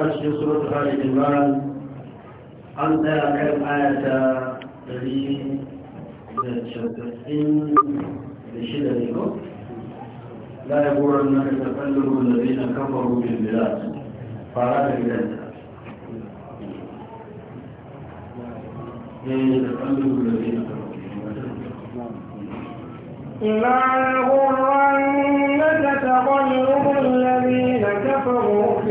muna cikin suratul ali imran an tsaya kan aya ta 196 ne ko la yagurannaka taqallubu alladhina kafaru bil bilad fara da gidanka لا يغرنك تقلب الذين كفروا في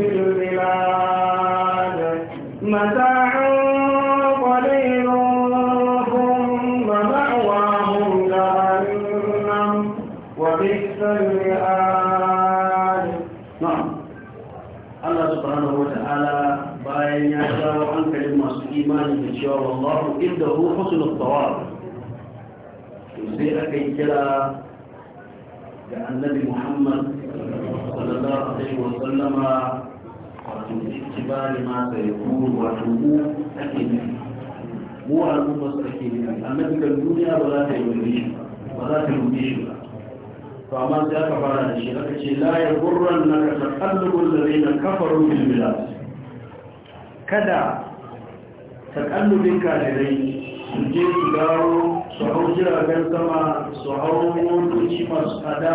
شر الله إنه حسن الطوار وسيئة كي كلا كأن محمد صلى الله عليه وسلم وعن اتبال ما سيكون وعقوب أكيد مو على المنبس أكيد أن نبك الدنيا ولا تيوليش ولا تيوليش فما سيأك فعلا الشيء لك لا يضر أنك تقلب الذين كفروا في البلاد كذا takallubin kajirai su je su dawo su hau jiragen sama su hau motoci masu tsada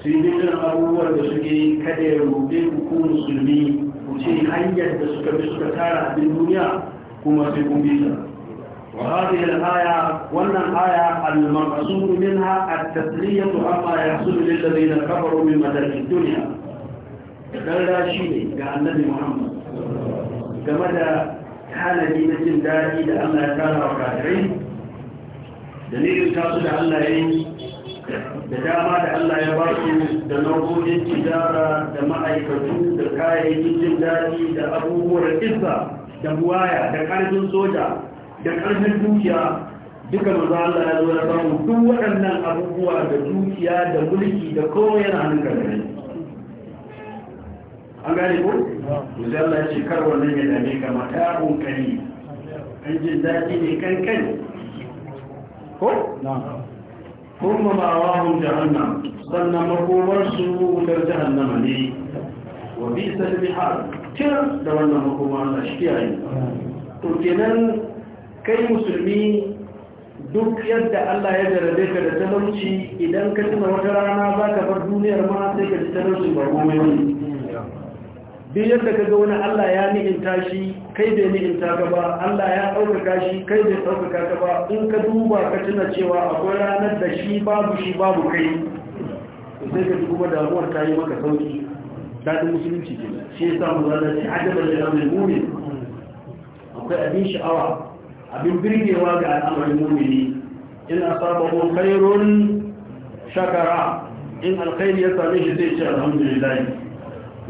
su yi dukkan abubuwan da suke kada ya roƙe ku musulmi ku ce hanyar da suka bi suka tara abin duniya kuma sai kun bi ta wa hadhihi al-aya wannan aya al-maqsud minha at-tasliyatu amma yahsul lil ladina kafaru min madad ad-dunya dan rashi ne ga annabi Muhammad game da tanadi na jin daɗi da Allah ya tara wa kafirai da nufin tasu da Allah ya yi da dama da Allah ya ba su da nau'o'in tijara da ma'aikatu da kayayyakin jin daɗi da abubuwan isa da buwaya da ƙarfin soja da ƙarfin dukiya duka maza Allah ya zo da samu duk waɗannan abubuwa da dukiya da mulki da kowa yana hannun kafirai an gane ko to Allah ya ce kar wannan ya dame ka mata un kani an jin daɗi ne kan kan ko kuma ma wahun jahannam sannan makomar su wutar jahannama ne wa bi salmi har tir da wannan makoma Allah shi yayi to kenan kai musulmi duk yadda Allah ya jarabe ka da talauci idan ka tuna wata rana za ka bar duniyar ma sai ka ji talauci ba komai wani duk yadda kaga wani Allah ya ni'inta shi kai bai ni'inta ka ba Allah ya ɗaukaka shi kai bai ɗaukaka ka ba in ka duba ka tuna cewa akwai ranar da shi babu shi babu kai sai ka duba damuwar ta yi maka sauki daɗin musulunci ke shi ya samu zana ce ajabar da yamin muni akwai abin sha'awa abin birgewa ga al'amarin mumini in asabahu khairun shakara in alkhairi ya same shi zai ce alhamdulillah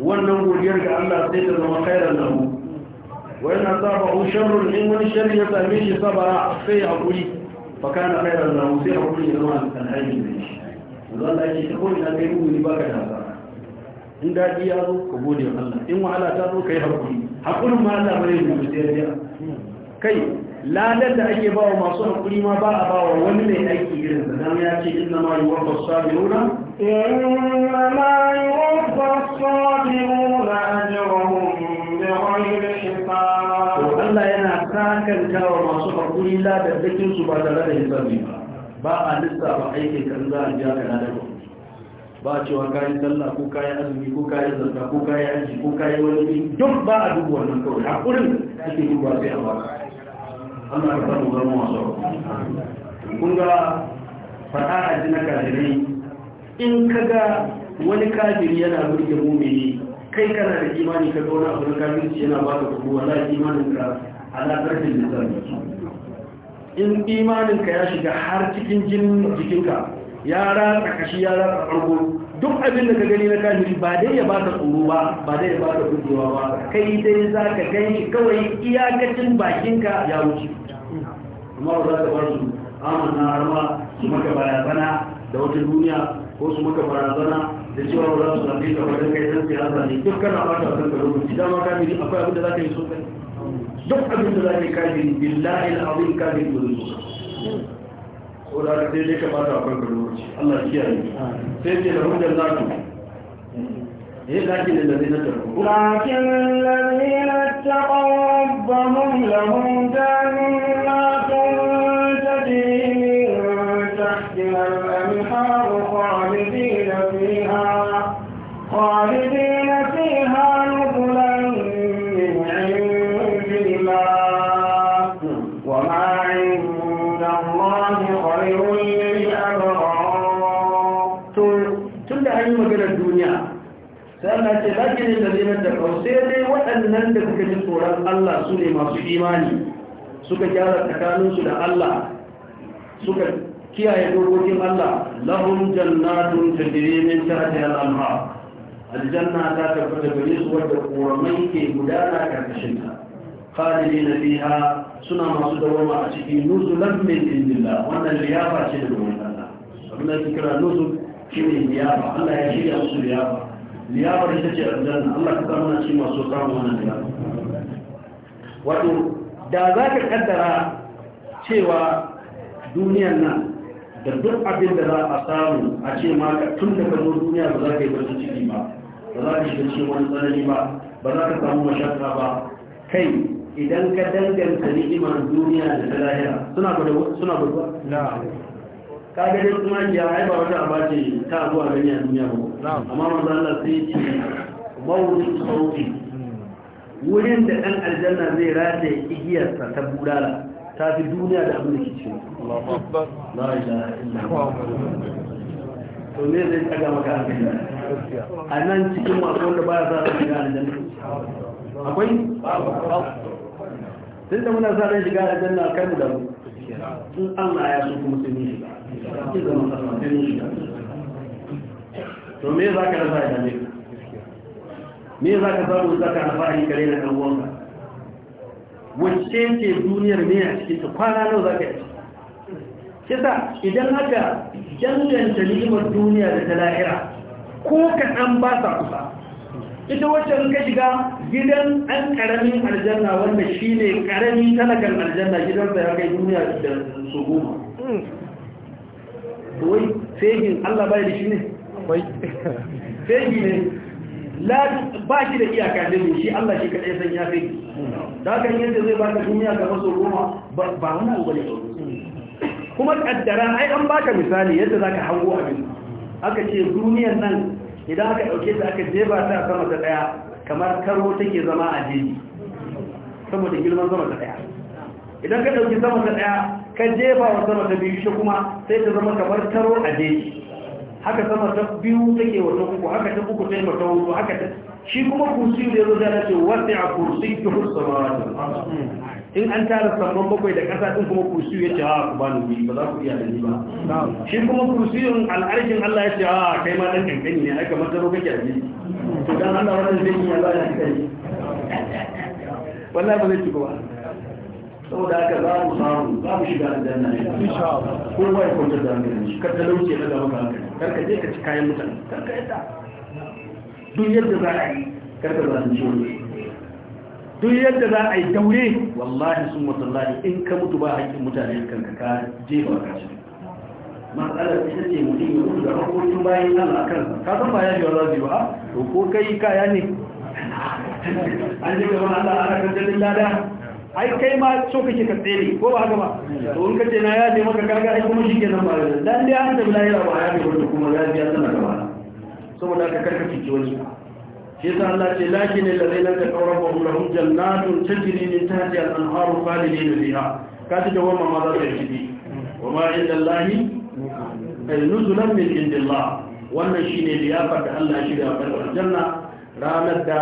wannan godiyar ga Allah sai ta zama khairan lahu wa in asabahu sharrun in wani sharri ya same shi sabara sai a ba hakuri fa kana khairan mu, sai hakuri ya zama alhaji ne shi zan da yake ko na kai ruhu ne baka da hasara in daɗi ya zo ka gode wa Allah in wahala ta zo ka kai hakuri hakurin ma Allah bane mu sai ya kai lalar da ake bawa masu hakuri ma ba a bawa wani mai aiki irin sa ya ce inna ma yi yuwaffa sabiruna إنما يوفى الصابرون أجرهم بغير حساب الله ينا ساكن كاو ما صفر قل ba a lissafa aikin kan za a ja ka na daga ba cewa kayan sallah ko kayan azumi ko kayan zarta ko kayan aji ko kayan wani duk ba a duk wannan kawai hakurin ke duba sai a ba Allah ka samu zama masu kun ga faɗa a ji na kajirai in kaga wani kafiri yana burge mumini kai kana da imani ka ga wani abu na kafirci yana ba ka kuma wala imanin ka karfin da zai in imanin ka ya shiga har cikin jin jikinka ya ratsa kashi ya ratsa farko duk abin da ka gani na kafiri ba dai ya ba ka tsoro ba ba dai ya ba ka gujewa ba kai dai za ka gani kawai iyakacin bakinka ya wuce amma ba za ka bar su amana har ma su maka bayyana da wata duniya ko su maka barazana da cewa ba za su zaɓe ka wajen kai ɗan siyasa ne duk kana ba ta wajen ka kanka lokaci dama biyu akwai abin da za ka yi so kai duk abin da za ka yi ka biyu billahi al'azim kafiri ba zai so ko da ka sai dai ka ba ta wajen kanka lokaci Allah ya kiyaye sai ce da hujjar zatu لكن الذين اتقوا لكن الذين اتقوا ربهم لهم جنات خالدين فيها خالدين فيها نزلا من عند الله وما عند الله خير للأبرار تل أي مجال الدنيا sannan ce lakinin da zinar da kausai dai waɗannan da suka ji tsoron Allah su ne masu imani suka gyara tsakaninsu da Allah kiyaye dokokin Allah lahum jannatun tajri min tahtiha al-anhar aljanna ta tabbata gare su wadda koramai ke gudana karkashin ta khalidina fiha suna masu dawama a cikin nuzulan min indillah wannan liyafa ce da domin Allah abin da kira nuzul shine liyafa Allah ya shirya musu liyafa liyafar ita ce aljanna Allah ka samu na ci masu samun wannan liyafa wato da za ka kaddara cewa duniyan nan da duk abin da za a samu a ce maka tun da zo duniya ba za ka yi wasu ciki ba ba za ka shiga cikin wani tsanani ba ba za ka samu mashaka ba kai idan ka danganta ni'imar duniya da ta lahira suna gudu suna gudu ka ga dai kuma ya ba wata ce ta zuwa gani a duniya ba amma manzo Allah sai ya ce mawdu sauti hmm. wurin da dan aljanna zai rataye igiyarsa ta budala ta fi duniya da abin da ke cikin to ne zai maka a nan cikin masu wanda baya sa shiga akwai da muna sa shiga kai mu da mu in ya kuma shiga to me za ka rasa da ne me za ka samu za ka na yi kare na ɗan wanka? wacce ce duniyar ne a cikin kwana nawa za ka yi kisa idan haka danganta talimar duniya da ta lahira ko kaɗan ba sa kusa ita wacce ka shiga gidan an ƙaramin aljanna wanda shi ne ƙarami talakan aljanna gidan da ya kai duniya da su goma wai fegin allah bai da shi ne fegi ne ba shi da iyaka ne shi Allah shi kaɗai san ya fi da kan yadda zai baka duniya ga maso goma ba wani abu ne. kuma kaddara ai an baka misali yadda za ka hango abin aka ce duniyar nan idan aka ɗauke ta aka jeba ta sama ta ɗaya, kamar karo take zama a jeji saboda girman sama ta ɗaya. idan ka ɗauki sama ta daya ka jefa wa sama ta biyu shi kuma sai ta zama kamar karo a jeji haka sama ta biyu take wata uku haka ta uku sai mata hudu haka ta shi kuma kursi da yazo da ce wasi a kursi ta samawati in an tara sabon bakwai da kasa din kuma kursi ya ce a ah, ku ba ni ba za ku iya da ni ba shi kuma kursi din al'arkin Allah ya ce a ah, kai ma dan kankani ne aka mazaro kake a ji to dan Allah wannan zai yi Allah ya kai wallahi ba zai ci ba saboda haka za mu samu za mu shiga aljanna ne ko ba ya kwanta da hankali shi kar talauci na gaba maka hankali kar ka je ka ci kayan mutane kar ka yadda duk yadda za a yi kar ka ci wani duk yadda za a yi daure wallahi sun wasallahi in ka mutu ba haƙƙin mutane kanka ka jefa ka ci matsalar ita ce mutum ya mutu da haƙoƙin bayan Allah a kansa ka san ba ya ji wa ba to ko kai kaya ne an ji gaban Allah ana kan jalin lada ai kai ma so kake ka tsere ko ba haka ba to in kace na ya je maka gaga ai kuma shike nan ba dan dai an tabbata ya ba ya ne wannan kuma ya ji Allah gaba saboda ka karka fice wani shi yasa Allah ce lakin allazina taqarrabu lahum jannatun tajri min tahtiha al-anharu khalidina fiha ka ta wannan ma za ta yi wa ma inda Allah ay nuzulan min indillah wannan shine liyafar da Allah shi da aljanna ranar da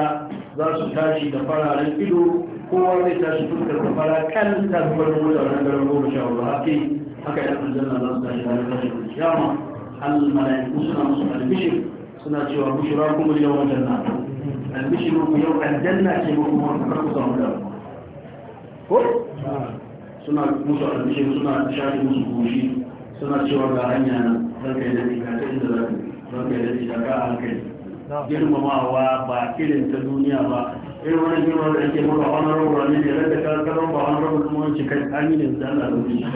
za su tashi da fararen ido kowa zai tashi fuskar da fara kan tarbar da wannan garin goma sha hudu haka haka ya fi zanna za su tashi da tashi da kiyama almalaiku suna musu albishir suna cewa bushira kuma yau wajen na albishir ku yau aljanna ce ba kuma kar ku samu da ko suna musu albishir suna shafi musu goshi suna cewa ga hanya nan zan kai da ka ta inda zan kai da ka hankali girmamawa ba irin ta duniya ba irin eh, wani shi wanda ake maka honorable wani ne da ka karon ba honorable kuma wani cikin aminin da Allah rubi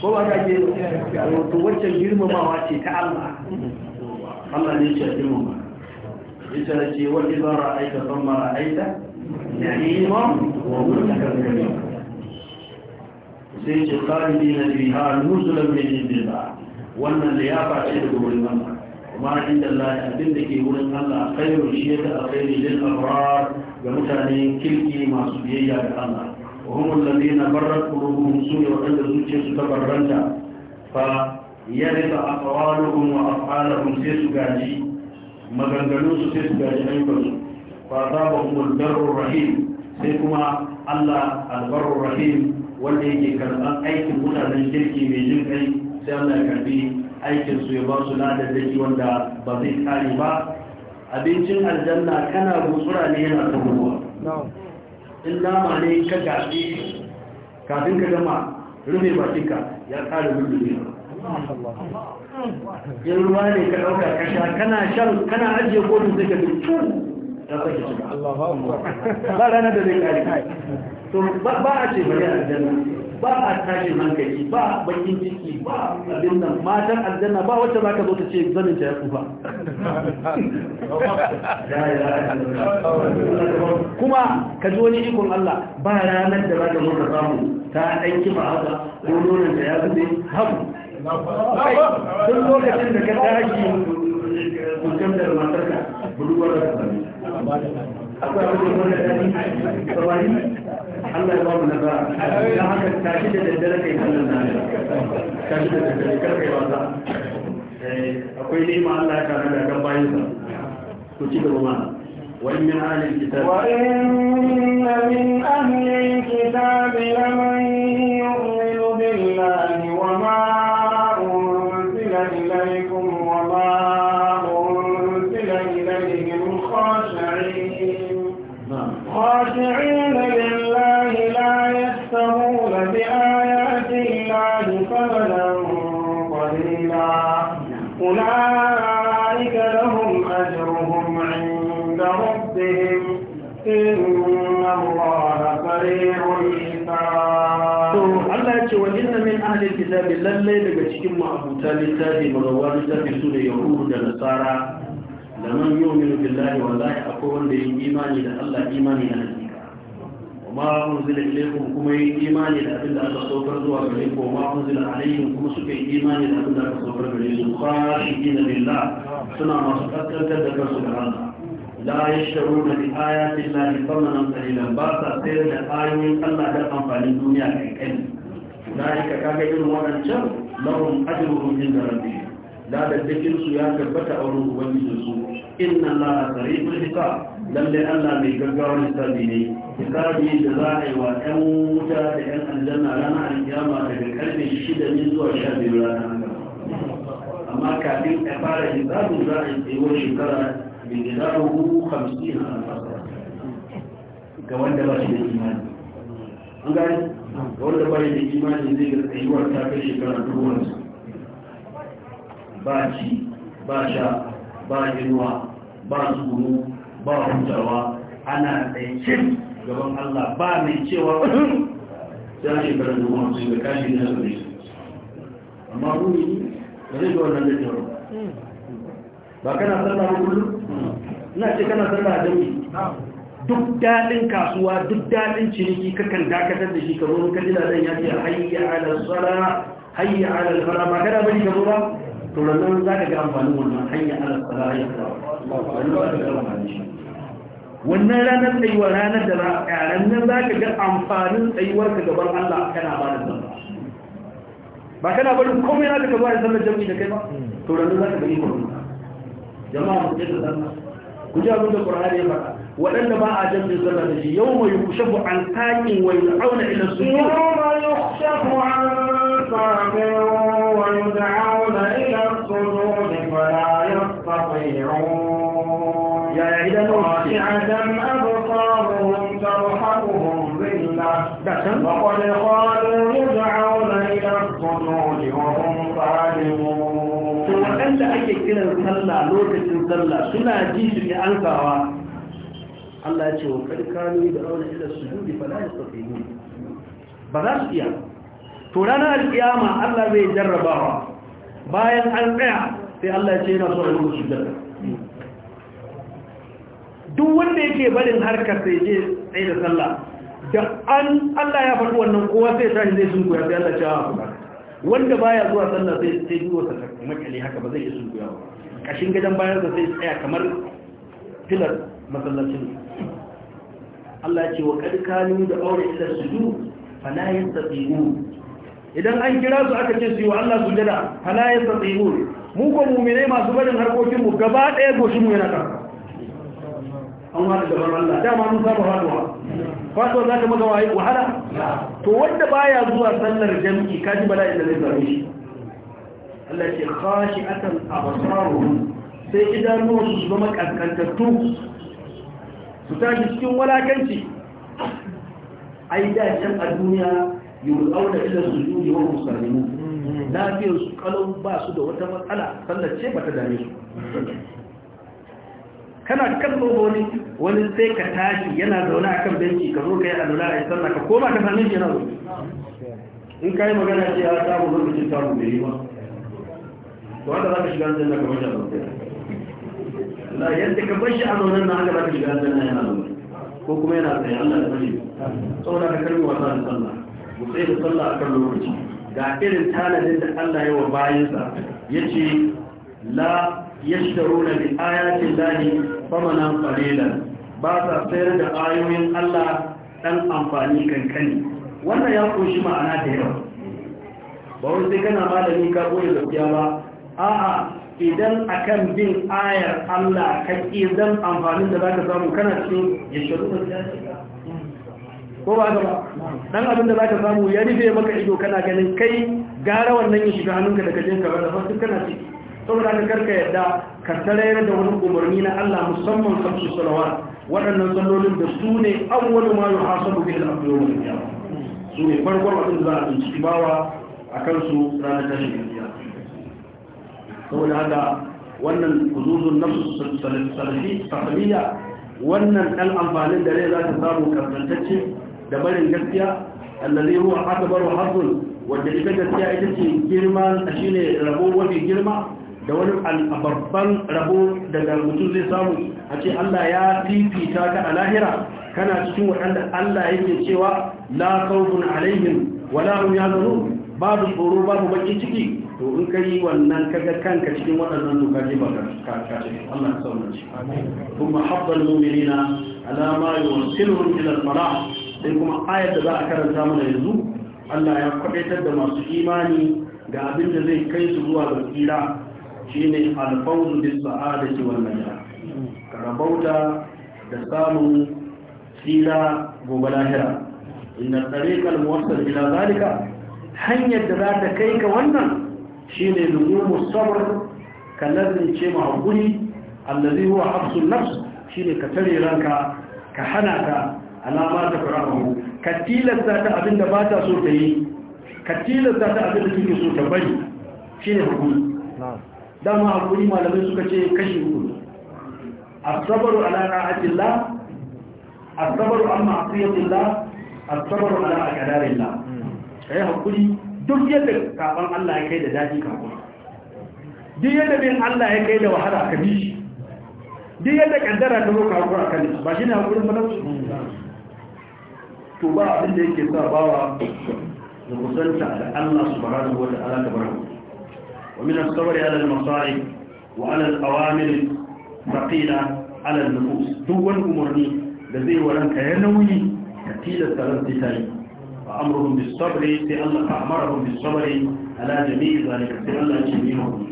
ko ba ka ke to waccan girmamawa ce ta Allah Allah ne ce girmama ita da ce wani ba ra'aita ban ma ra'aita na'ima wa mulkan kabira sai ce qalbi na biha nuzulan min indillah wannan liyafa ce daga wurin Allah ma inda Allah abin da ke wurin Allah khairu shi da alkhairi lil abrar ga mutane kirki masu biyayya ga Allah wa hum alladhina barrat qulubuhum suya wa inda zuciyarsu ta barranta fa yarida aqwaluhum wa af'aluhum sai su gaji maganganun su sai su gaji ayyukan su fa tabahum al rahim sai kuma Allah albarru rahim wanda yake karɓar aikin mutanen kirki mai jin kai sai Allah ya karbi Aikinsu ya ba su ladadaki wanda ba zai kare ba abincin aljanna kana gutsura ne yana ruwa. in nama ne ka gafi kafin ka gama rufe bakinka ya kare gudu in ruwa ne ka ɗauka ka sha kana shan kana ajiye kodin sai ka fi tun ta sake shiga ba ranar da zai kare to ba a ce bari aljanna ba a tashin hankali ba bakin ciki ba abin nan matan aljanna ba wacce za ka zo ta ce zanin ta ya kufa kuma ka ji wani ikon Allah ba ranar da za ka zo ka samu ta ɗan kima haka ko nonon ta ya zube haku sun lokacin da ka tashi mutum da matarka budurwar da ta sami akwai abin da ta Allah ya ba mu nasara dan haka tashi da daddare kai sallan nan tashi da daddare kar kai wasa akwai ni'ima Allah ya kare da kan bayin sa ku ci gaba mana wa in min ahli alkitab wa in min ahli alkitab laman yu'minu billahi wa ma unzila ilaykum wa ma unzila ilayhim khashi'in khashi'in lil يشترون بآيات الله ثمنا قليلا أولئك لهم أجرهم عند ربهم إن lallai daga cikin ma'abuta littafi magawa littafi su da yahudu da nasara da man yu'minu billahi wallahi akwai wanda yin imani da Allah imani da ma unzila ilaykum kuma yi imani da abin da aka saukar zuwa gare ku ma unzila alaykum kuma suka yi imani da abin da aka saukar gare su khashiina lillah suna masu kaskantar da kansu Da Allah la yashtaruna bi ayati llahi thamanan qalilan ba sa sayar da ayoyin Allah da amfanin duniya kai kai dalika ga irin wadancan lahum ajruhum inda rabbihim da daddakin su ya tabbata a wurin ubangijin su inna allaha sariful hisab lalle Allah mai gaggawar hisabi ne hisabi da za a yi wa ɗan wuta da ɗan aljanna ranar alkiyama daga karfe shida ne zuwa sha biyu rana amma kafin a fara hisabi za a yi tsayuwar shekara da gida ruhu hamsin alfasa ga wanda ba shi da imani an gani ga wanda ba shi da imani zai ga tsayuwar ta kai shekara dubu hamsin ba ci ba sha ba inuwa ba tsoro ba hutawa ana tsaye gaban Allah ba mai cewa sai a da kuma sun ga kashi na su amma rumi da zai ga wannan da ba kana sallah da kullum ina ce kana sallah da mi duk daɗin kasuwa duk daɗin ciniki kakan dakatar da shi ka zo ka ji zan ya a hayya ala tsara, hayya ala tsara. ba kana bari ka ba to za ka ga amfanin wannan hayya ala sala hayya ala tsara. ba ga shi wannan ranar tsayuwa ranar da za a ƙaran nan za ka ga amfanin tsayuwar ka gaban Allah kana ba da sallah ba kana barin komai na ka zuwa da sallar jami'i da kai ba to ranar za ka gani ko jama'a mu ce da sallah ku ji abin da Qur'ani ya faɗa waɗanda ba a jami'in sallah da shi yau mai yushafu an taqin wa yud'auna ila sujud yau mai yushafu an taqin wa yud'auna وقد قالوا يدعون إلى الصنود وهم ظالمون wanda ake kiran sallah lokacin sallah suna ji su ne an kawa Allah ya ce wa kai kanu da aure ila ba za su iya to rana alkiyama Allah zai jarrabawa bayan an tsaya sai Allah ya ce na so ku sujuda duk wanda yake barin harkar sai je sai da sallah da an Allah ya faɗi wannan kowa sai tashi zai sun koya sai Allah cewa ah, kuma wanda baya zuwa sallah sai sai biyo sa makale haka ba zai sun koya ba kashin gadan bayan sa sai tsaya kamar filar masallacin Allah ce wa kad kanu da aure ila sujud fala yastati'u idan an kira su aka ce su yi wa Allah sujada fala yastati'u mu ko mu'minai masu barin harkokin mu gaba ɗaya goshin mu yana kan an wani gaban Allah dama mun saba haduwa Fato za ta maka wahala to wanda baya zuwa sallar jam'i kaji bala da zai zame shi Allah ce khashi akan abasaru sai idanuwa su zama kankantattu su tashi cikin walakanci ai da can a duniya yurzauna su sujudi wa muslimu lafiyar su kalau ba su da wata matsala sallar ce bata dame su kana kallo wani wani sai ka tashi yana zaune a kan benci ka zo ka yi alula a yi sallah ka koma ka same shi yana zo in ka yi magana ce ya ah, samu cikin samu mai yi ba to wanda za ka shiga aljanna ka wajen a zaune la yadda ka bashi a zaune na haka za ka shiga aljanna yana zaune ko kuma yana tsaye Allah ya sani saboda ka karbi wasa da sallah mu tsaye da sallah a kan lokaci ga irin tanadin da Allah ya wa bayansa ya ce la yashtaruna bi ayatin lahi famanan qalilan ba sa sayar da ayoyin Allah dan amfani kankani wannan ya kunshi ma'ana da yawa ba wai sai kana malami ka koyi gaskiya ba a'a idan akan bin ayar Allah ka zan amfanin da zaka samu kana cikin yashtaruna ko ba gaba dan abin da zaka samu ya rufe maka ido kana ganin kai gara wannan ya shiga hannunka da daga ka ba da fasu kana ciki saboda ka karka yadda ka tarayar da wani umarni na Allah musamman kamsu salawat waɗannan sallolin da su ne an awwal ma yuhasabu bihi al-abdu yawm su ne farkon abin da za a binciki bawa a kansu ranar tashin kiyama saboda haka wannan huzuzun na salafi safaliya wannan dan amfanin da rai za ta samu kasantacce da barin gaskiya allazi huwa akbaru hazzun wanda ita gaskiya ita ce girma shine rabo wani girma da wani babban rabo daga mutum zai samu a ce Allah ya fifita ka a lahira kana cikin waɗanda Allah yake cewa la khawfun alaihim wala hum yahzanun babu tsoro babu baki ciki to in ka yi wannan kaga kanka cikin waɗannan doka ce ba ka ka ce Allah ya sauna shi kuma habbal mu'minina ala ma yusiluhum ila al sai kuma ayar da za a karanta mana yanzu Allah ya kwaɗaitar da masu imani ga abin da zai kai su zuwa ga tsira shine alfawzu bis sa'adati wal najah karabauta da samun tsira gobe lahira inda tsarikar muwassar ila zalika hanyar da za ta kai ka wannan shine lugumu sabr ka lazince ma hakuri allazi huwa hafsul nafs shine ka tare ranka ka hana ka alama ta karamu ka tilasta ta abin da ba ta so ta yi ka tilasta ta abin da kike so ta bari shine hakuri dama hakuri malamai suka ce kashi hudu asabaru ala ra'atillah asabaru an ma'asiyatillah asabaru ala Ka yi hakuri duk yadda kafan Allah ya kai da daji kafin duk yadda bin Allah ya kai da wahala ka bi shi duk yadda kaddara ta zo kafin a kan ba shi ne hakurin ba to ba abin da yake sa bawa da kusanta da Allah su fara subhanahu wa ta'ala tabaraka ومن الصبر على المصائب وعلى الأوامر الثقيلة على النفوس دول أمرني الذي ولنك ينوي كثير الثلاثة فأمرهم بالصبر فأمرهم بالصبر على جميع ذلك سألنا جميعهم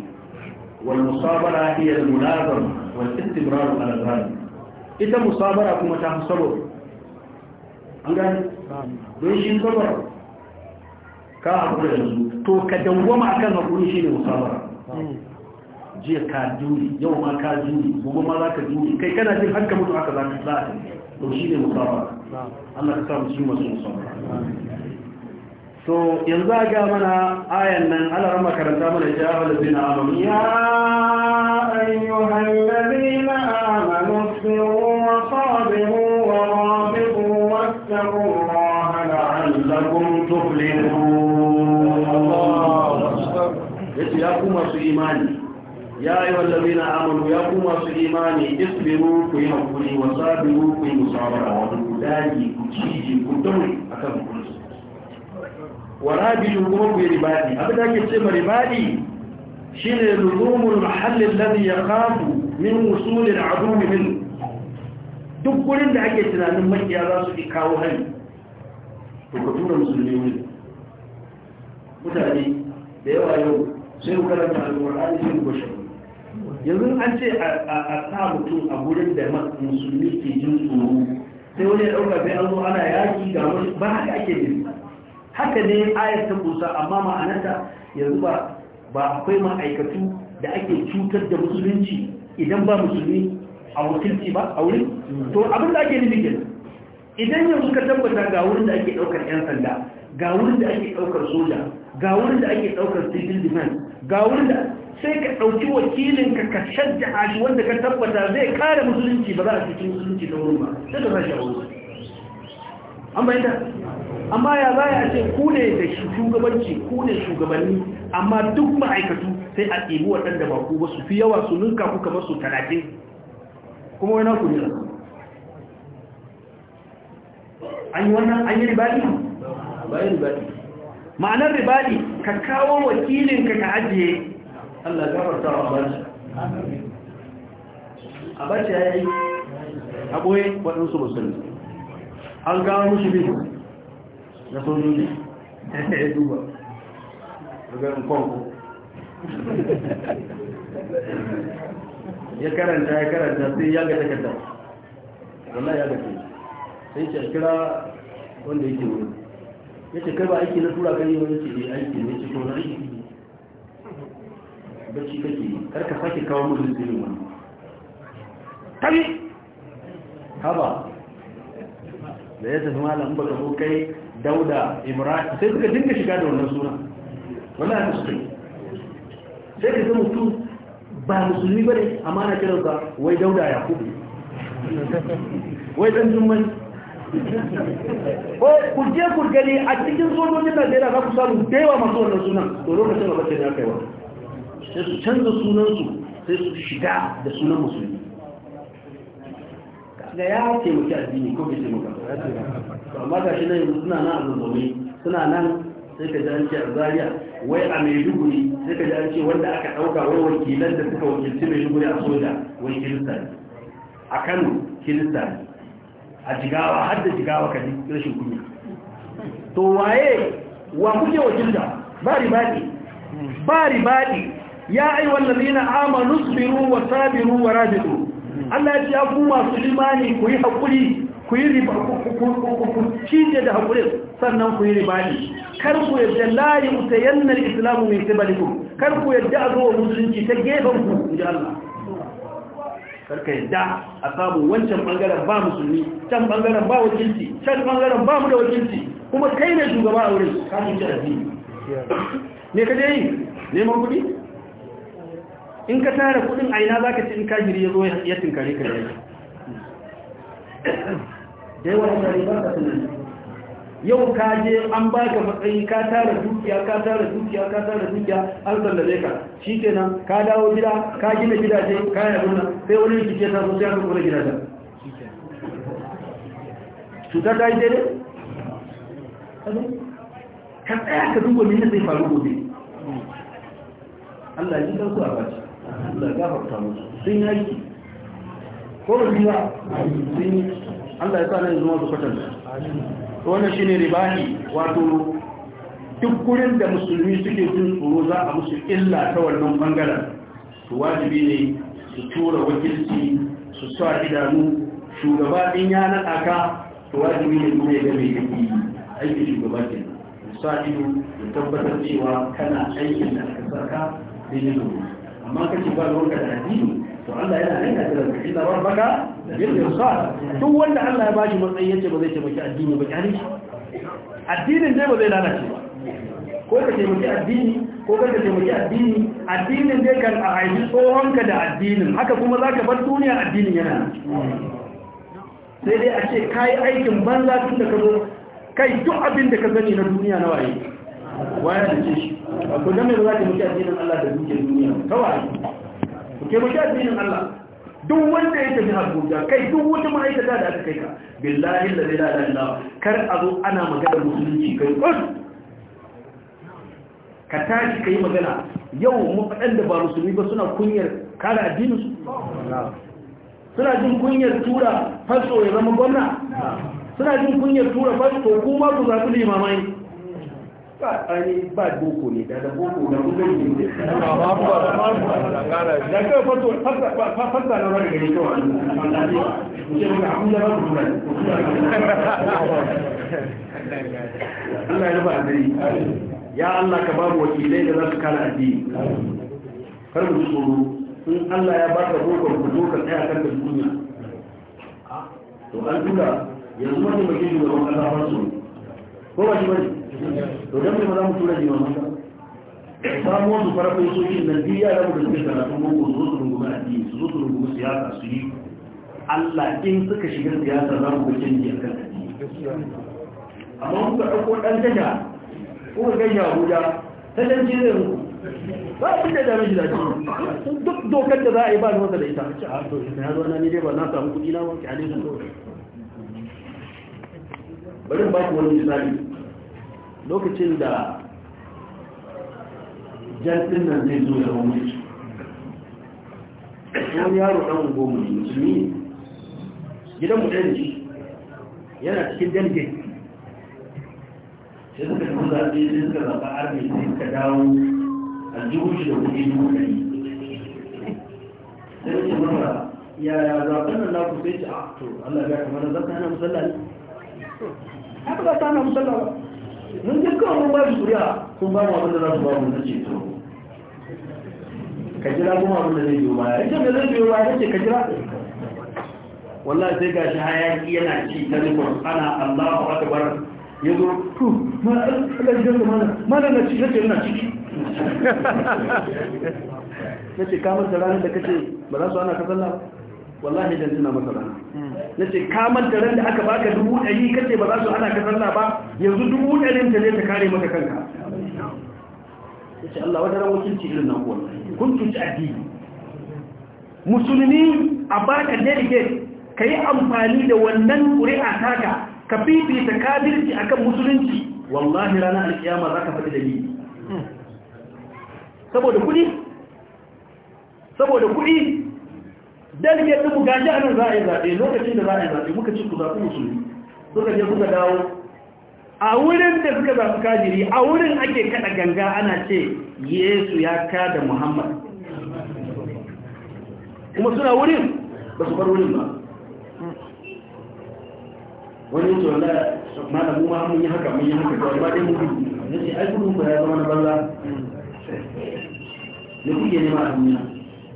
والمصابرة هي المناظر والاستمرار على ذلك إذا مصابرة كما تحصل صبر أنقل؟ نعم. دوشين صبر كافر يزول to ka dawwama akan hakuri shine musabara hmm. jiya ka juri yau ma ka juri gobe ma za ka juri kai kana jin haka mutu haka za ka to shine musabara Allah ka samu shi masu musabara so yanzu a ga mana ayan nan ala rama karanta mana ya halazzina amanu ya ayi ku masu imani ya yi wallabi na amalu ya ku masu imani isbiru ku yi hakuri wa sabiru ku yi musawara wani ku daji ku ciji ku dauri a kan kunsu wa rabitu kuma ku yi ribadi abin da ake ce ma ribadi shine luzumul mahallin ya yakhafu min wusulil adu min duk wurin da ake tunanin makiya za su kawo hari to ka tura musulmi wuri mutane da yawa yau sai ku karanta alƙur'ani sai ku shi yanzu an ce a sa mutum a gurin da musulmi ke jin tsoro sai wani ya ɗauka sai an zo ana yaki ga wani ba haka ake nufi haka ne ayat ta kusa amma ma'anarta yanzu ba ba akwai ma'aikatu da ake cutar da musulunci idan ba musulmi a wakilci ba a wurin to abin da ake nufi kenan idan yanzu ka tabbata ga wurin da ake daukar 'yan sanda ga wurin da ake daukar soja ga wurin da ake daukar civil defense ga wanda sai ka ɗauki wakilinka ka shadda shi wanda ka tabbata zai kare musulunci ba za a cikin musulunci ta wurin ba sai ka shi a wurin an da amma ya za a ce ku ne da shugabanci ku ne shugabanni amma duk ma'aikatu sai a ɗebi waɗanda ba ku ba su fi yawa su ninka ku kamar su talatin kuma wani ku nila an yi wannan an yi ribaɗi? ba yi ribadi ma'anar ribadi ka kawo wakilinka ka ajiye Allah gafarta wa a abaci ya yi aboye waɗansu musulmi an gawo mushi ne na sojoji da ya duba rugarin kwanko ya karanta ya karanta sai ya ga takardar wallah ya ga sai ce kira wanda yake wuri ya ce kai ba aiki na tura gani wani ce ne eh, aiki ne ce kuma aiki bacci kake karka sake kawo mu zirin wani tabi haba da ya tafi malam ba ka kai dauda Ibrahim, sai suka dinga shiga da wannan suna wallahi haka suka yi sai ka ga mutum ba musulmi bane amma na kiransa wai dauda ya kudu wai dan jummai ko ku je ku gani a cikin sojojin zai za ku samu da yawa masu wannan sunan to lokacin da bace ne aka yi wa sai su canza sunansu sai su shiga da sunan musulmi ga ya taimaki addini ko bai taimaka amma ga shi nan yanzu suna nan a zazzaune suna nan sai ka ji an ce a zaria wai a duguri sai ka ji an ce wanda aka ɗauka wai wakilan da suka wakilci mai duguri a soja wai kirista ne a kano kirista ne a jigawa har da jigawa ka ji rashin kunya to waye wa kuke wakilta ba ribadi ba ribadi ya ai wallazina amanu sabiru wa sabiru wa rajidu Allah ya ce ku masu limani ku yi hakuri ku yi riba ku cije da hakuri sannan ku yi ribadi kar ku yadda la yutayanna islamu min sibalikum kar ku yadda zo musulunci ta gefen ku in Allah karka yadda a samun wancan bangaren ba musulmi can bangaren ba wakilci can bangaren ba mu da wakilci kuma kai ne shugaba a wurin kafin ci addini ne ka je yi neman kuɗi in ka tara kuɗin aina za ka ci in kafiri ya zo ya tinkare ka da yawa da yawa da yawa yau ka je an ba ka matsayi ka tara dukiya ka tara dukiya ka tara dukiya an sallale ka shi kenan ka dawo gida ka gina gidaje ka yi abin sai wani yanki ke zo sai aka kula gidajen cutar ta yi dai? ka tsaya ka duba mini zai faru gobe Allah ji kansu a baci Allah gafarta musu sun yaki ko biya sun yi Allah ya sa na yanzu masu kwatanta wannan shine ribahi wato duk gurin da musulmi suke jin tsoro za a musu illa ta wannan bangaren to wajibi ne su tura wakilci su sa idanu shugaba din ya naɗa ka to wajibi ne kuma ya game da yi aikin shugaba ke sa ido da tabbatar cewa kana aikin da aka saka da yi amma kace ba ruwanka da addini to Allah yana aika ta da inna rabbaka bil irsal duk wanda Allah ya bashi matsayi yace ba zai taimaki addini ba kyani addinin dai ba zai lalace ko ka taimaki addini ko ka taimaki addini addinin dai kan a aiki tsohonka da addinin haka kuma za ka bar duniya addinin yana sai dai a ce ka yi aikin banza tun da ka zo kai duk abin da ka sani na duniya na waye waya da ce shi ko dan me ba za ka mutu addinin Allah da dukiyar duniya kawai ku taimaki addinin Allah duk wanda ya tafi Abuja kai duk wata ma'aikata da aka kai ka billahi la ilaha illallah kar a zo ana magana musulunci kai ka tashi kai magana yau mu fadan da ba musulmi ba suna kunyar kara addinin su suna jin kunyar tura fasto ya zama gwamna suna jin kunyar tura fasto kuma ku zaɓi limamai ba tsani ba boko ne da da boko da kuma yi ne da ba. fato fasa na wani gari kawai Allah ya ba adiri ya Allah ka babu wakilai da za su addini kar mu tsoro in Allah ya baka boko ku zo ka tsaya kan da duniya to an tura yanzu wani mai ba da wani Allah ba su ko ba shi ba to dan me za mu tura limaman ba samu wasu farafin sokin nan biyu yara mu da suke karatun su su rungumi addini su su rungumi siyasa su yi Allah in suka shiga siyasa za mu ga canji a kan amma mun ka ɗan tasha ko ka gaishe Abuja ta dan ce zai ba su da dame shi da shi duk dokar da za a yi ba ni wata da ita to ita zo na ni dai ba na samu kuɗi na ba ki a ne su bari ba ku wani misali lokacin da jantin nan zai zo ya mulki wani yaro ɗan goma ne musulmi ne gidanmu ɗan ji yana cikin delegate sai suka yi zaɓe sai suka zaɓa army sai suka dawo aljihun shi da kuɗi da ɗari sai su mara yaya zaɓen nan na kusa ce a ah, to allah ya kamar zaɓen hana musalla ne haka za ta hana musalla ba mun ji kawai mun ba su kuriya kun ba mu abin da za su ba mu na ceto ka jira kuma abin da zai biyo baya ita da zai biyo baya ce ka jira wallahi sai gashi hayaki yana ci ta nufin ana allahu akbar ya zo tu ma alajidan da mana mana na ci nake yana ciki na ce kamar da ranar da kace ba za su ana ka sallah wallahi dan tuna masa rana hmm. nace ka manta ran da aka baka dubu ɗari kace ba za su ana ka sallah ba yanzu dubu ɗarin ta ne ta kare maka kanka yace Allah wata ran wakilci irin nan ko kuntu addini musulmi a baka delegate kai amfani da wannan ƙuri'a taka ka fifita kafirci akan musulunci wallahi rana alkiyama za ka faɗi dalili hmm. saboda kuɗi saboda kuɗi dalike da ku gaji anan za a yi zaɓe lokacin da za a yi zaɓe muka ci ku zaɓi musulmi suka je suka dawo a wurin da suka zaɓi kajiri a wurin ake kaɗa ganga ana ce yesu ya kada muhammad kuma suna wurin ba su bar wurin ba wani yanzu wanda malamu ma mun yi haka mun yi haka ga wani baɗin mutu na ce ai gudun ba ya zama na balla ne kuke nema a duniya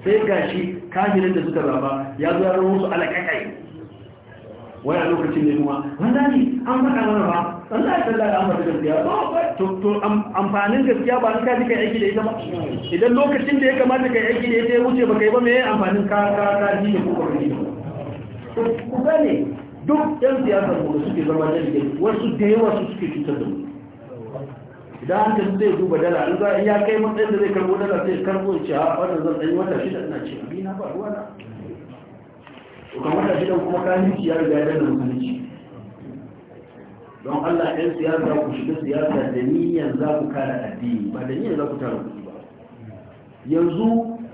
sai gashi kafirin da suka zaba ya zo ya zama musu alaƙaƙai wai a lokacin ne kuma wanda ne an faɗa mana ba wanda ya tsalla da amfani gaskiya oh, oh, to to amfanin gaskiya ba ka ji kai aiki da ita ba idan lokacin da ya kamata kai aiki da ita ya wuce ba kai ba mai amfanin ka ka ka ji da kuma ka ji ku gane duk yan siyasar mu suke zama jirgin wasu da yawa su suke cutar da mu idan an tafi zai duba dala in za ya kai matsayin da zai karbo dala sai karbo ya ce a wannan zan ɗanyi wata shida ina ce abi na ba ruwa na kan wata shida kuma kayanci ya riga da musulunci don Allah ɗan siyasa ku shiga siyasa da niyyar za ku kada addini ba da niyyar za ku tara kuɗi ba yanzu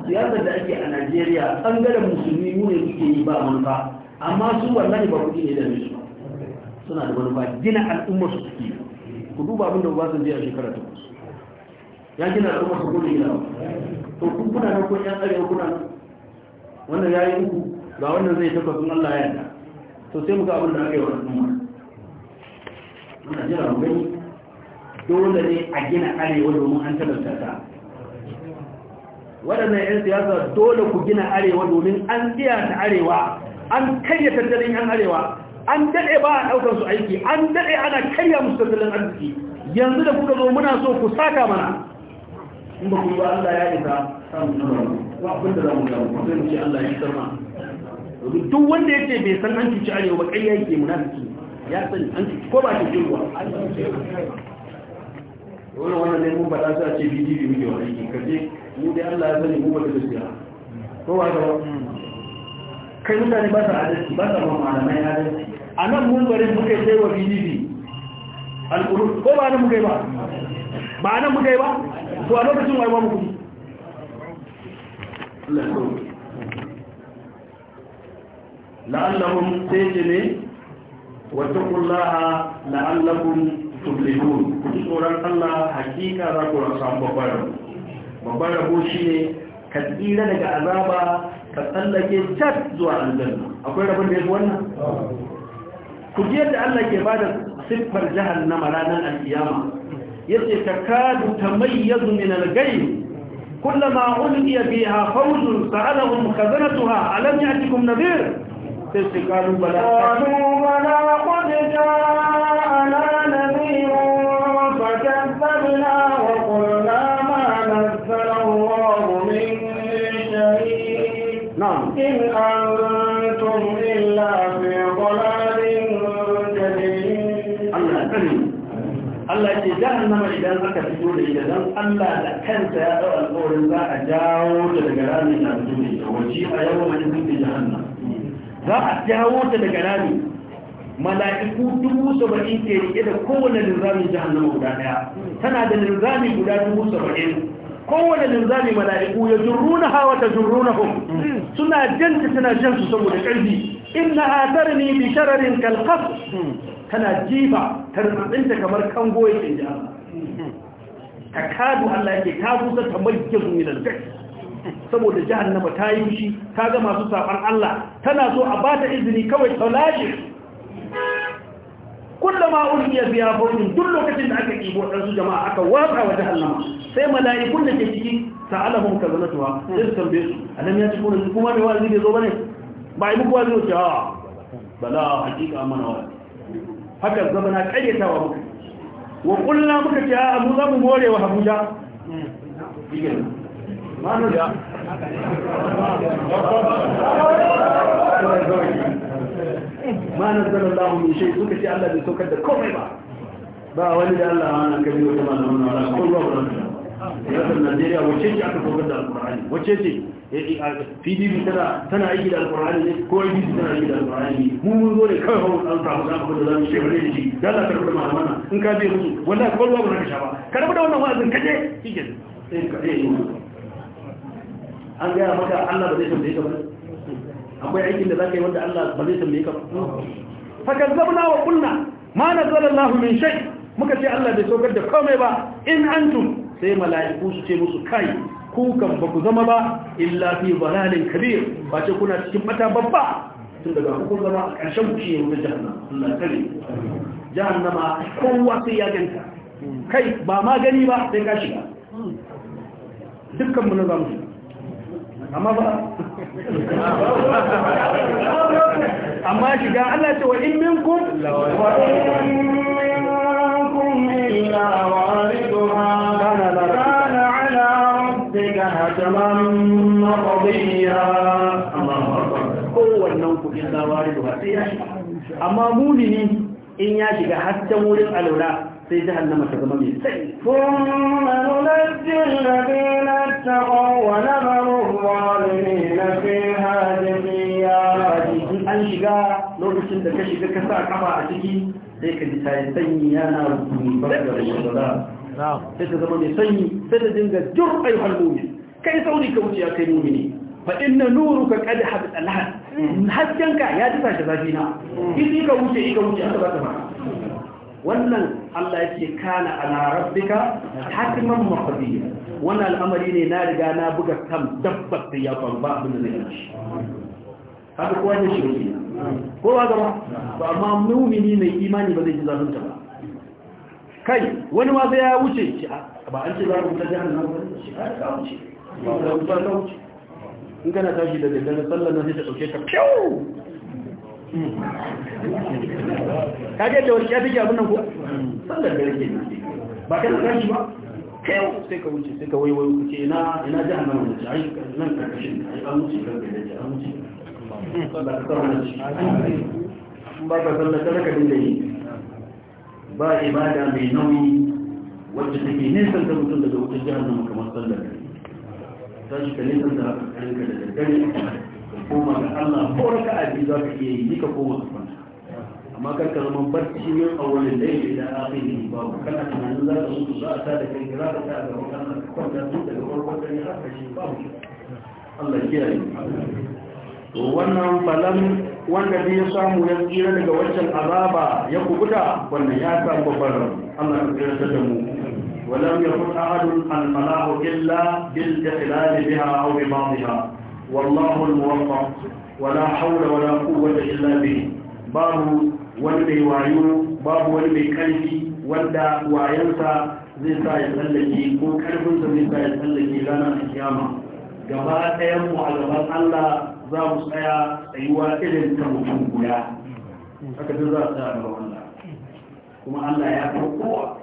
siyasar da ake a Najeriya ɓangaren musulmi mu ne kuke yi ba manufa amma su wallahi ba kuɗi ne da su suna da manufa gina al'ummar su suke ku duba abin da je a shekara takwas ya gina al'umma su gudu ina to kun kuna na kun yan arewa kuna nan wannan ya yi uku ga wannan zai takwas sun allah ya yarda to sai muka abin da aka yi wa al'umma muna jira mu gani dole ne a gina arewa domin an talauta ta waɗannan 'yan siyasa dole ku gina arewa domin an tsiya ta arewa an karya tattalin 'yan arewa an daɗe ba a ɗaukar su aiki an daɗe ana karya musu tattalin arziki yanzu da kuka zo muna so ku saka mana in ba ku yi ba Allah ya isa samun nabaru ba abin da za mu gawo ba mu ce Allah ya sarma domin duk wanda yake bai san an cuci arewa ba kai yake munafiki ya sani an cuci ko ba cuci ruwa wani wannan ne mun ba za su a ce bidi bi muke wani aiki kaje mu dai Allah ya sani mu ba ta gaskiya ko ba ta ba hmm. kai mutane ba sa adalci ba sa malamai adalci a nan mun muka wa pdp alƙuru ko ba nan muka yi ba ba nan muka yi ba to a lokacin wa yi ba muku la'allahum sai ce ne wattaqullaha la'allakum tuflihun ku ji tsoron Allah hakika za ku rasa babbar babbar rabo shine ka tsira daga azaba ka tsallake cat zuwa aljanna akwai rabin da ya fi wannan ku je da Allah ke ba da siffar jahannama ranar alkiyama yace takadu tamayyazu min al-ghayb kullama ulqiya biha fawzun sa'alahum khazanatuha alam ya'tikum nadhir sai su kalu bala qad ja'ana jahannama idan aka fito da ita dan Allah da kansa ya dau alƙawarin za a jawo ta daga rami ta fito da ita wace a yau mai fito jahannama za a jawo ta daga rami mala'iku dubu saba'in ke rike da kowane linzami jahannama guda daya tana da linzami guda dubu saba'in kowane linzami mala'iku ya jurruna hawa ta jurruna hum suna jan ta tana suna su saboda ƙarfi inna atarni bi shararin kalqas tana jifa tarbatsinta kamar kan ya canji Allah ta kadu Allah yake ta kusa ta mulke zuminan dai saboda jahannama ta yi shi ta ga masu saban Allah tana so a bata izini kawai ta lashe kullama ulqiya biya fawdin duk lokacin da aka ibo dan jama'a aka watsa wa jahannama sai mala'ikun da ke ciki ta'alahum kazanatuha sai su tambaye su alam ya ci kuma kuma me bai zo ne? ba ibu kuwa zai ce bala hakika mana wa'azi haka zama na karyatawa muka wa kullum muka ce a mu za mu more wa abuja ma nazzala Allah min shay suka ce Allah bai saukar da komai ba ba wani da Allah ana kabi wata malama na Allah ko ruwa ba siyasar najeriya wacce ce aka kogar da alkur'ani wacce ce pdp eh, eh, eh, tana aiki da alkur'ani ne ko apc tana aiki da alkur'ani mu mun zo ne kawai hau an samu zamu da zamu shekare da shi da za ka rubuta malamana in ka biya musu wallahi ko ruwa ba ka sha ba ka da wannan wa'azin kaje shi ke an gaya maka allah ba zai tambaye ka ba akwai aikin da za ka yi wanda allah ba zai tambaye ka ba zabna wa kunna. ma nazzala allah min shai. muka ce allah bai saukar da komai ba in antum sai mala'iku su ce musu kai kukan ba ku zama ba illa fi balalin kabir ba ce kuna cikin mata babba tun daga hukun zama a ƙarshen kushi ya wuce jahannama kowa sai ya ganta kai ba ma gani ba sai ka shiga dukkan mu na zamu shiga amma ba amma shiga Allah ce wa in minkum wa in minkum illa wariduha حتما مقضيا kowannen kudin labarin da sai ya shiga amma in ya shiga hatta wurin alaura sai jahannama ta zama mai sai kuma nunajjin na taqaw wa namaru an shiga lokacin da ka shiga ka sa kafa a ciki sai ka ji tayin sanyi yana rubutu ba da shi sai ta zama mai sanyi sai ta dinga jur ayyuhal mu'min kai sauri ka wuce ya kai mumini fa inna nuruka qad habata lahan hajjanka ya ji da zafi na idi ka wuce ka wuce aka ba ta wannan Allah yake kana ala rabbika hatiman maqdiya wannan al'amari ne na riga na buga kan dabbar da ya faru ba abin da zai yi haka kowa ne shi ne ko ba gaba ba amma mu'mini mai imani ba zai ji zalunta ba kai wani ma sai ya wuce shi ba an ce za mu ta jahannama ba shi ka wuce da ta wuce in kana tashi da daddare sallar nan sai ta ɗauke ka kyau ka ga yadda wani ya take abin nan ko sallar da rake ba kana tashi ba kyau sai ka wuce sai ka wai ka ce ina ina jihar nan wuce ai nan karkashin ai an wuce kan gaje an wuce ba ka sallar shi ba ka sallar da dinga yi ba ibada mai nauyi wacce take nisan ta mutum daga wutar jihar nan kamar sallar da tashi ka nisan da haka kanka da daddare ka koma ga Allah ko raka a biyu za ka iya yi ka koma ka kwanta amma kar ka zama barci ne a wani laifi da akai ne ba ku kana tunanin za ka mutu za a sa da kai za ka ta a gaban Allah ka kwanta tun daga farkon dare har ƙarshe ba mu Allah kiyaye to wannan falan wanda zai ya samu ya tsira daga wancan azaba ya kubuta wannan ya samu babban Allah ka tsira da mu ولم يكن أحد الفلاح إلا بالاحتلال بها أو ببعضها والله الموفق ولا حول ولا قوة إلا به باب ولد وعيو باب ولد كيفي ولد وعيوسا zai sa ya tsallake ko karfinsa zai sa ya tsallake ranar kiyama gaba ɗayan mu a gaban Allah za mu tsaya tsayuwa irin ta mutum guda haka duk za su Allah kuma Allah ya kowa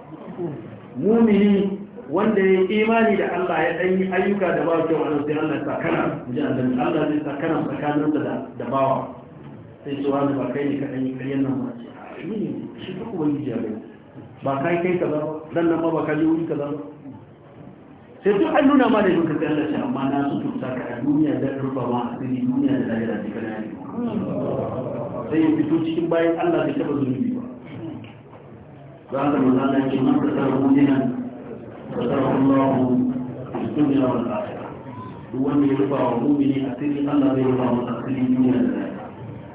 mumini wanda ya imani da Allah ya ɗan yi ayyuka da bawa kyau a nan sai Allah ya sakana ji annabi Allah zai sakana tsakaninsa da da bawa sai su wani ba kai ne ka ɗan yi karyar nan ba ce ni ne shi duk wani jabe ba kai kai ka ba dan nan ma ba ka je wuri ka ba sai duk an nuna ma da yin kasar Allah shi amma na su tuta ka a duniya da rufa ma a duniya da lahira da kana yi sai ya fito cikin bayan Allah ya taɓa zunubi ذاك المثال في من كتب مؤمنا كتبه الله في الدنيا والاخره هو من يرفع مؤمن اسيري الا الله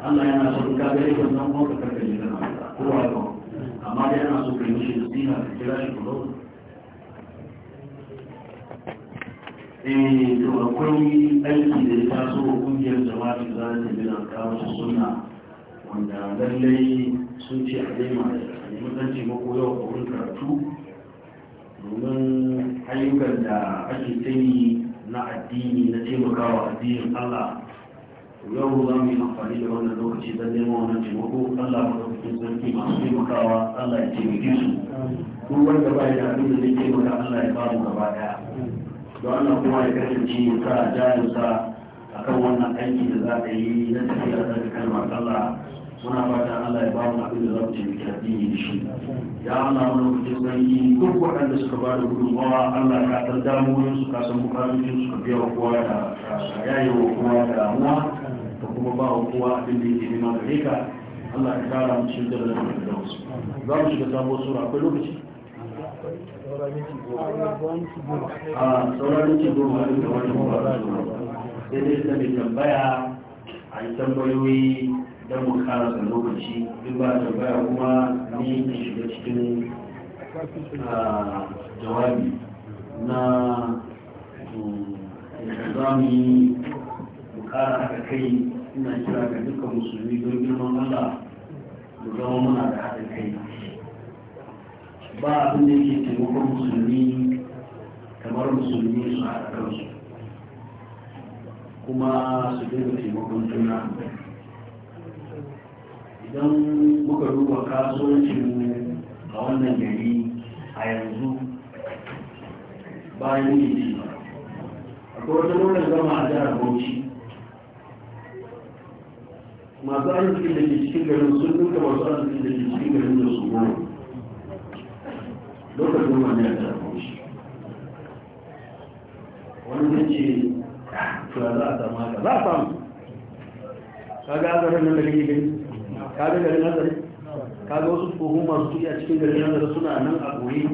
Allah yana son ka gare ka nan kuma ka karkace ka nan ko wa ko amma dai yana so ka yi shi ka kira shi kuma to akwai aiki da ya taso kungiyar jama'a za ta bi da kawo sunna wanda lallai sun ce a daima da mun san taimako yau a wurin karatu domin ayyukan da ake tayi na addini na taimakawa addinin allah yau za mu yi amfani da wannan lokaci don neman wannan taimako allah ma ɗaukakin sarki masu taimakawa allah ya taimake su duk wanda ba ya da abin da zai taimaka allah ya ba mu gaba daya don allah kuma ya kasance ya sa jarinsa akan wannan aiki da za a yi na tafiya ta kalmar allah muna fata Allah ya ba mu abin da za mu taimaki addini da shi ya Allah mu lokacin sarki duk waɗanda suka ba da gudunmawa Allah ka san damuwoyin su ka san bukatun su ka biya kowa da yayewa kowa da damuwa da kuma ba wa kowa abin da yake nema gare ka Allah ya kara mu cikin darajar da da wasu za mu shiga sabuwar sura akwai lokaci a sauraron ci goma da wani mawara sai dai ta mai tambaya a yi tambayoyi don mu karasa lokaci duk ba da baya kuma ni in shiga cikin ah, jawabi na za mu yi bukara haka kai ina kira ga dukkan musulmi don girman allah mu zama muna da haɗin kai ba abin da yake taimakon musulmi kamar musulmi su haɗa kansu kuma su dinga taimakon juna idan muka duba kasuwancin a wannan gari a yanzu bayan yi a kowace wannan zama a jihar bauchi masu arziki da ke cikin garin sun duka masu arziki da ke cikin garin da su goma lokacin wani a jihar bauchi wani zai ce ah, tura za a samu haka za a samu kaga zarar nan da kake gani ka ga garin nazari Kaga wasu tsohon masu tuki a cikin garin nazari suna nan a goyi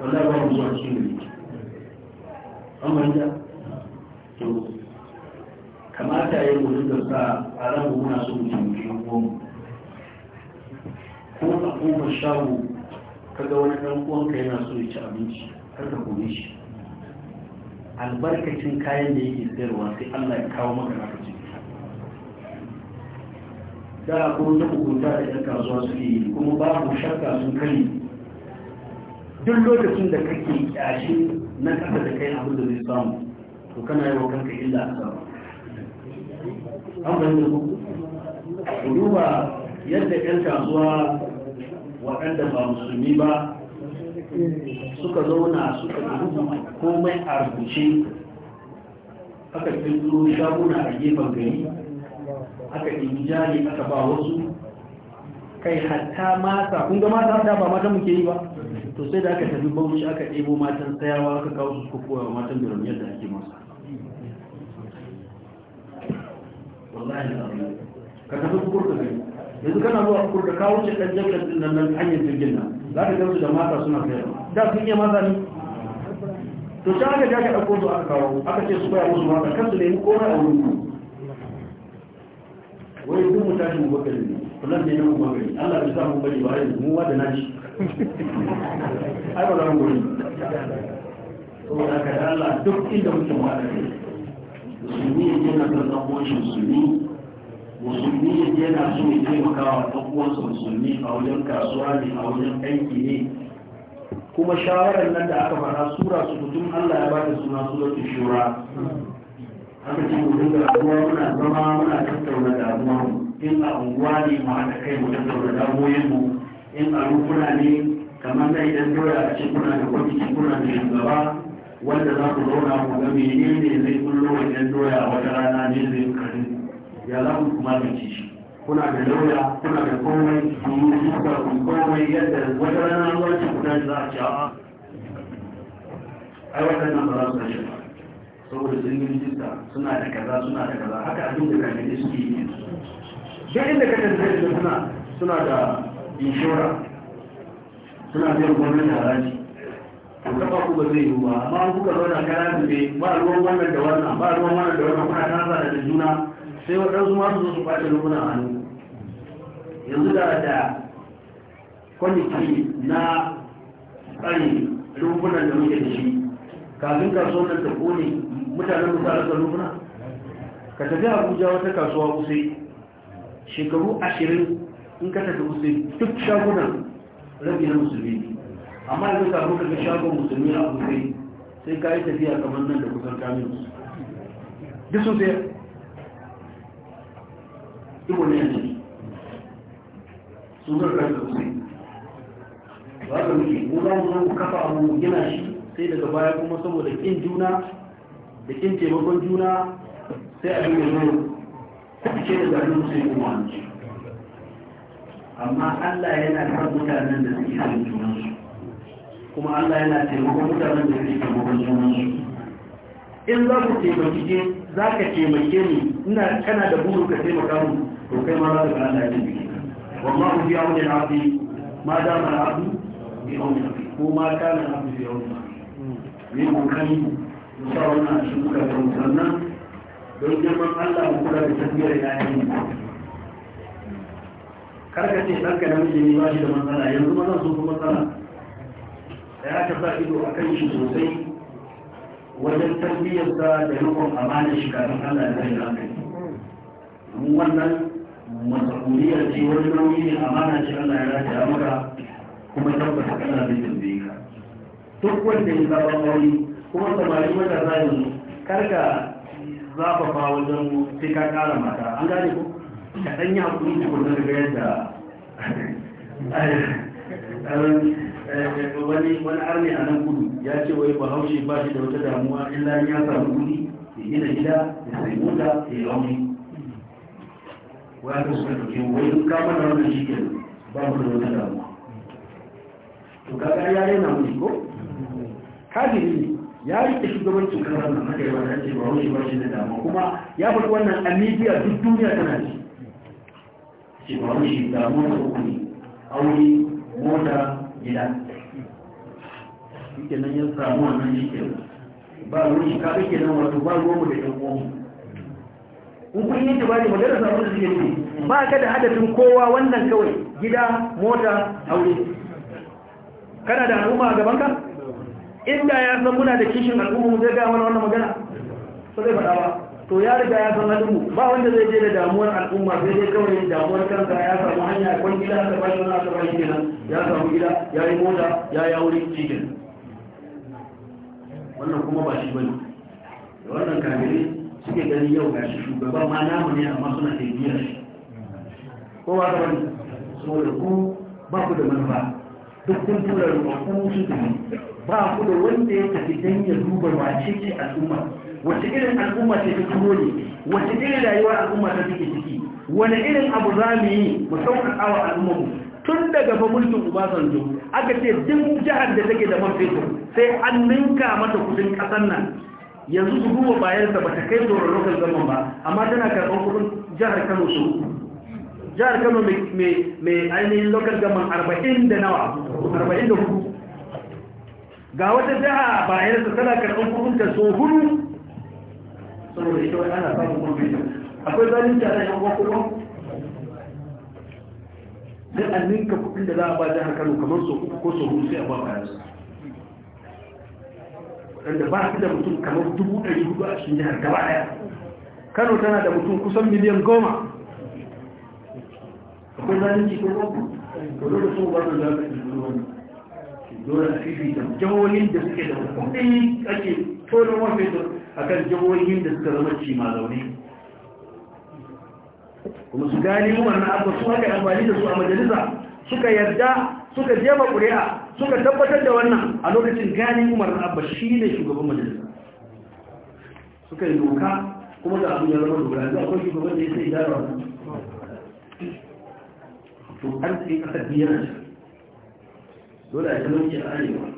wanda ba mu zuwa cikin gari an manja to kamata ya yi mutum da sa a ran na so mu taimaki yan uwanmu ko a goma shago ka ga wani ɗan ka yana so ya ci abinci kar ka kore shi albarkacin kayan da yake sayarwa sai Allah ya kawo maka lafiya da kuma wata hukunta da yan kasuwa suke yi kuma ba babu shakka sun kai duk lokacin da kake kyashi na kasa da kai abin da zai samu to kana yi wa kanka illa a sama an bayan da ku duba yadda ƴan kasuwa waɗanda ba musulmi ba suka zauna suka rubuta komai a rubuce aka kirkiro shaguna a gefen gari aka ɗin jari aka ba wasu kai hatta mata kun ga mata hatta ba mata muke yi ba to sai da aka tafi bauchi aka ɗebo matan tsayawa aka kawo su koya wa matan biron yadda ake masa ka tafi kurka gani yanzu kana zuwa kurka kawo shi ɗan jakar ɗin nan hanyar jirgin nan za ka gamsu da mata suna sayarwa da sun iya mata ne to sai aka jaga ɗauko su aka kawo aka ce su koya musu mata kan su nemi komai a wurin wai duk mu tashi mu bakari ne kullum ne mu bakari Allah bai sa mu bari ba yanzu mu wada nashi ai ba za mu gori saboda ka da Allah duk inda muke mu hada kai musulmi je na kan ɗan musulmi musulmi yake yana so ya taimaka wa ɗan uwansa musulmi a wajen kasuwa ne a wajen aiki ne kuma shawarar nan da aka fara sura su mutum Allah ya ba da suna suratul shura aka ce mu dinga muna zama muna tattauna damuwa in a unguwa ne mu haɗa kai mu tattauna damuwoyin mu in a rukuna ne kamar na idan a ce kuna da kwamiti kuna da shugaba wanda za ku zauna ku ga zai kullo wajen doya wata rana ne zai karin ya za ku kuma mace shi kuna da lauya kuna da komai ku yi ku komai yadda wata rana zuwa ce ku tashi za a ba za su kashe ba saboda sun yi suna da kaza suna da kaza haka abin da kamar suke yi duk inda ka tafi da suna suna da inshora suna biyan gwamnati haraji a kafa ku ba zai yi ba amma an kuka zauna kana zube ba ruwan wannan da wannan ba ruwan wannan da wannan kuna tana da juna sai waɗansu masu zo su fashe rukuna hannu yanzu da da kwanaki na tsari rukunan da muke da shi kafin kasuwar nan ta kone mutanen mutanen a salukuna ka tafi abuja wata kasuwa Kusai shekaru ashirin in ka tafi Kusai duk shagunan rabi na musulmi amma yanzu ka muka ga shagon musulmi a usai sai ka yi tafiya kamar nan da kusan kaminus duk sun sai ibo ne yanzu sun zarka da usai ba ka muke mu za kafa abu gina shi sai daga baya kuma saboda kin juna da kin taimakon juna sai abin da a ce da zanen su yi kuma wani amma Allah yana kan mutanen da suke son junansu kuma Allah yana taimakon mutanen da suke taimakon junansu in za ku taimaki za ka taimake ni ina kana da buru ka taimaka mu to kai ma za ka ga Allah ya taimake والله في عون ma da ma العبد bi عون أخيه وما كان العبد في عون ne من مكان sa wannan a cikin sannan don girman Allah mu kula da tafiyar yayin karka ce ɗanka da miji ne ba shi da matsala yanzu mazan sun fi matsala da ya ka sa ido a kan shi sosai wajen tarbiyyarsa da rikon amana shi kafin Allah ya zai hankali mun wannan masakuliyar ce wani nauyi ne amana ce Allah ya rata ya maka kuma tabbata Allah zai tambaye ka duk wanda ya zaba wani kuma samari mata zai karka zafafa wajen sai ka kara mata an gane ko ka dan yi hakuri ne kuma daga yadda eh, wani wani arni a nan kudu ya ce wai bahaushe ba shi da wata damuwa illa ya samu kudi da gina gida da sai mota ya rauni wata wani suka dauke wai in ka mana wannan shi ke ba mu da wata damuwa to kaga ya na mu ko kafiri ne ya rike shugabancin kasar nan na yi wata ce ba wani ba shi na dama kuma ya faɗi wannan a duk duniya tana ci ce ba wani shi damuwa ta uku ne aure mota gida ike nan ya samu wannan shi ke ba wani shi kaɗa ke nan wato ba mu da ɗan uwanmu in kun yi tabari ba gara samu da suke ne ba ka da hadafin kowa wannan kawai gida mota aure kana da al'umma a gaban ka inda ya san muna da kishin al'ummu zai ga mana wannan magana so zai faɗa ba to ya riga ya san al'umma, ba wanda zai je da damuwar al'umma sai dai kawai damuwar kansa ya samu hanya kwan gida ta bashi wani aka bashi kenan ya samu gida ya yi mota ya yi aure cikin wannan kuma ba shi bane da wannan kamere suke gani yau ga shi shugaban ma namu ne amma suna biyar shi ko ba wani saboda ku ba ku da manufa duk kun tura ruwa ku sun tafi ba ku da wanda ya tafi don ya duba wace ce al'umma wace irin al'umma ce ta turo ne wace irin rayuwar al'umma ta take ciki wani irin abu za mu yi mu sauƙaƙa al'umma mu tun daga ba mulkin Obasanjo aka ce duk jihar da take da man fetur sai an ninka mata kudin ƙasar nan yanzu su duba bayansa ba ta kai tsororokan zaman ba amma tana karɓar kudin jihar Kano su jihar Kano mai ainihin local government arba'in da nawa arba'in da hudu ga wata jiha bayan su tana karɓar kuɗinta so hudu saboda ita wani ana samun kuɗinta akwai zalunci a ɗan uwa kuɗin dan an ninka kuɗin da za a ba jihar kano kamar so uku ko so hudu sai a ba bayan su waɗanda ba su da mutum kamar dubu ɗari hudu a cikin jihar gaba ɗaya kano tana da mutum kusan miliyan goma akwai zalunci ko uku to dole sun ba su zalunci dole a fifita jihohin da suke da kudin ake tonon wafe a kan jihohin da suka zama ci ma zaune kuma su gani wannan abu su haka amfani da su a majalisa suka yarda suka jefa ƙuri'a suka tabbatar da wannan a lokacin gani umar abba shi ne shugaban majalisa suka yi doka kuma da abin ya zama dogara yanzu akwai shugaban da ya sai idara wannan to an sai kasar biyar dole a yi a arewa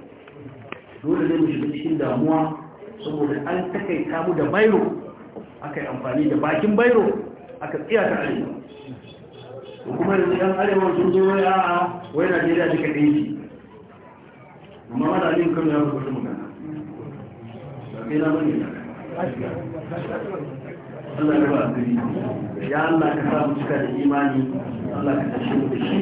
dole ne mu shiga cikin damuwa saboda an takai tamu da bairo aka yi amfani da bakin bairo aka tsaya ta arewa kuma da yan arewa sun zo wai a wai najeriya duka ɗin shi amma wani alin kano ya rubuta magana ba kai na mani na Allah ya ba asiri ya Allah ka samu mu cika da imani Allah ka tashi mu da shi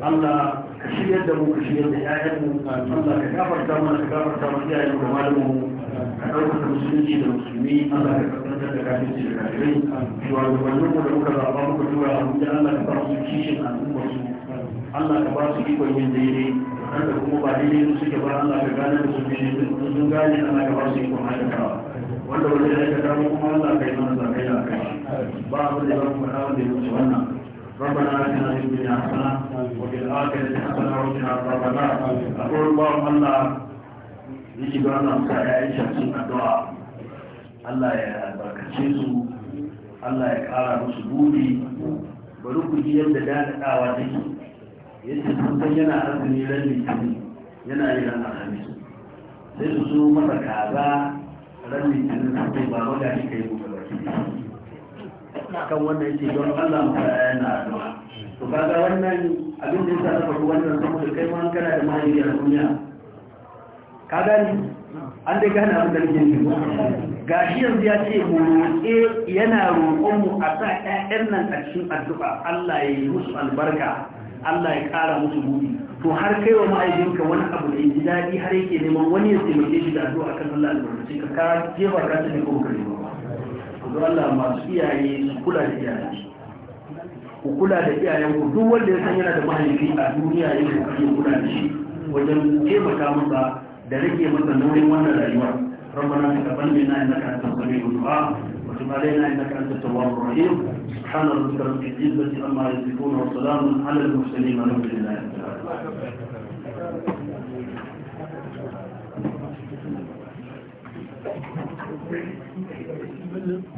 Allah shi yadda mu shi yadda ya mu Allah ka gafarta mana ka gafarta mana ya yi kuma da mu ka ɗaukaka musulunci da musulmi Allah ka kasance da kafirci da kafirai cewa da wannan mu da muka zaɓa muka tura mu ya Allah ka ba su kishin al'umma su Allah ka ba su ikon yin daidai kada kuma ba daidai su suke ba Allah ka gane da su fi shi sun sun gane Allah ka ba su ikon haɗa wanda wanda ya ka kuma Allah ka yi mana zaɓa ya ba abin da ya ba kuma ɗawa da ya wuce wannan ربنا اتنا في الدنيا حسنه وفي الاخره حسنه وقنا عذاب النار اقول اللهم الله يجب ان عائشه في الدعاء الله يا بركه Allah ya ƙara bari ku ji yadda daɗaɗawa take yadda sun san yana azumi ran litinin yana yi ran alhamis sai su so masa kaza ran litinin sai ba ga shi kai gobe baki kan wannan yake don Allah mu fara yana addu'a to kaga wannan abin da yasa aka wannan saboda kai ma kana da mahaifi a duniya ka gani an dai gane abin da nake nufi gashi yanzu ya ce mu roƙe yana roƙon mu a sa ƴaƴan nan a cikin addu'a Allah ya yi musu albarka Allah ya ƙara musu buɗi to har kai wa ma'aikinka wani abu da ya ji daɗi har yake neman wani ya taimake shi da addu'a kan Allah albarkaci ka ka jefa ka ta ne ko ka ku Allah masu iyaye su kula da iyaye ku kula da iyayen ku duk wanda ya san yana da mahaifi a duniya ya ku kula da shi wajen taimaka masa da rage masa nauyin wannan rayuwa ربنا تقبل منا انك انت السميع الدعاء وتب علينا انك انت التواب الرحيم سبحان ربك رب العزه عما يصفون وسلام على المرسلين والحمد لله رب العالمين